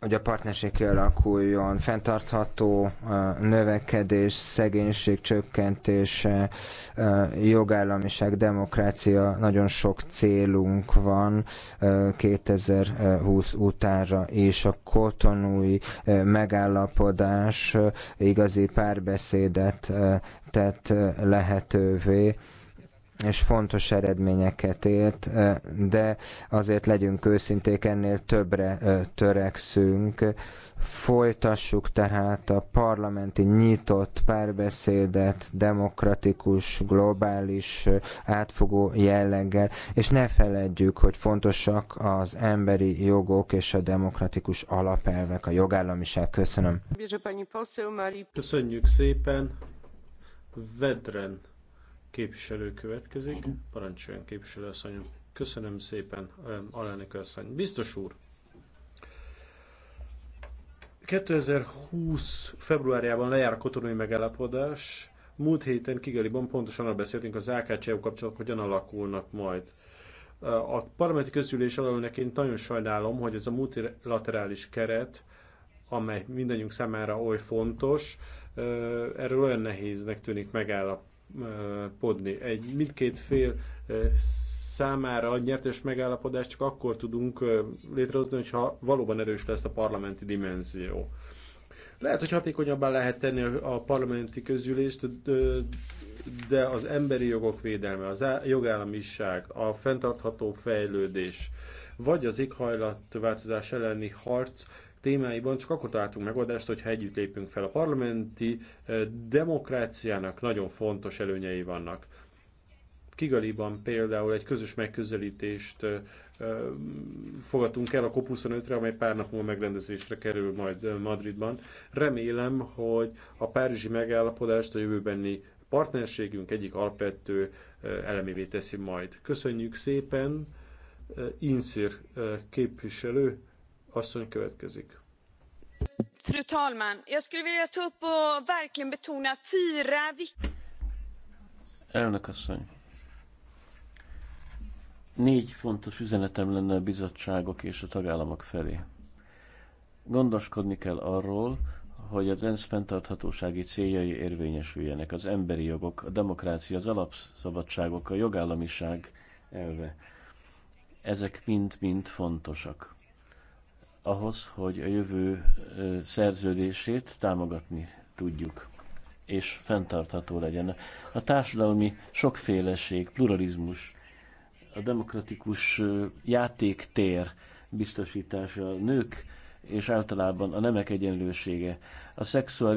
hogy a partnerség kialakuljon, fenntartható uh, növekedés, szegénység csökkentése, uh, jogállamiság, demokrácia, nagyon sok célunk van 2020 uh, utánra, és a kotonúi megállapodás igazi párbeszédet tett lehetővé és fontos eredményeket ért, de azért legyünk őszinték, ennél többre törekszünk. Folytassuk tehát a parlamenti nyitott párbeszédet, demokratikus, globális, átfogó jelleggel, és ne feledjük, hogy fontosak az emberi jogok és a demokratikus alapelvek, a jogállamiság. Köszönöm. Köszönjük szépen. Vedren képviselő következik. Parancsoljon képviselő asszonyom. Köszönöm szépen, um, alelnök asszony. Biztos úr, 2020. februárjában lejár a kotonai megállapodás. Múlt héten Kigaliban pontosan arra beszéltünk, az AKC e kapcsolatok hogyan alakulnak majd. Uh, a parlamenti közgyűlés alelnöként nagyon sajnálom, hogy ez a multilaterális keret, amely mindannyiunk számára oly fontos, uh, erről olyan nehéznek tűnik megállapodni megállapodni. Egy, mindkét fél számára a nyertes megállapodást csak akkor tudunk létrehozni, hogyha valóban erős lesz a parlamenti dimenzió. Lehet, hogy hatékonyabbá lehet tenni a parlamenti közülést, de az emberi jogok védelme, az jogállamiság, a fenntartható fejlődés, vagy az éghajlatváltozás elleni harc témáiban csak akkor találtunk megoldást, hogyha együtt lépünk fel. A parlamenti eh, demokráciának nagyon fontos előnyei vannak. Kigaliban például egy közös megközelítést eh, eh, fogadtunk el a COP25-re, amely pár nap múlva megrendezésre kerül majd Madridban. Remélem, hogy a párizsi megállapodást a jövőbeni partnerségünk egyik alapvető elemévé teszi majd. Köszönjük szépen, Inszir képviselő, asszony következik. Fru talman, jag skulle vilja ta upp och verkligen betona fyra Elnök asszony. Négy fontos üzenetem lenne a bizottságok és a tagállamok felé. Gondoskodni kell arról, hogy az ENSZ fenntarthatósági céljai érvényesüljenek, az emberi jogok, a demokrácia, az alapszabadságok, a jogállamiság elve. Ezek mind-mind fontosak ahhoz, hogy a jövő szerződését támogatni tudjuk, és fenntartható legyen. A társadalmi sokféleség, pluralizmus, a demokratikus játéktér biztosítása, a nők és általában a nemek egyenlősége, a szexuális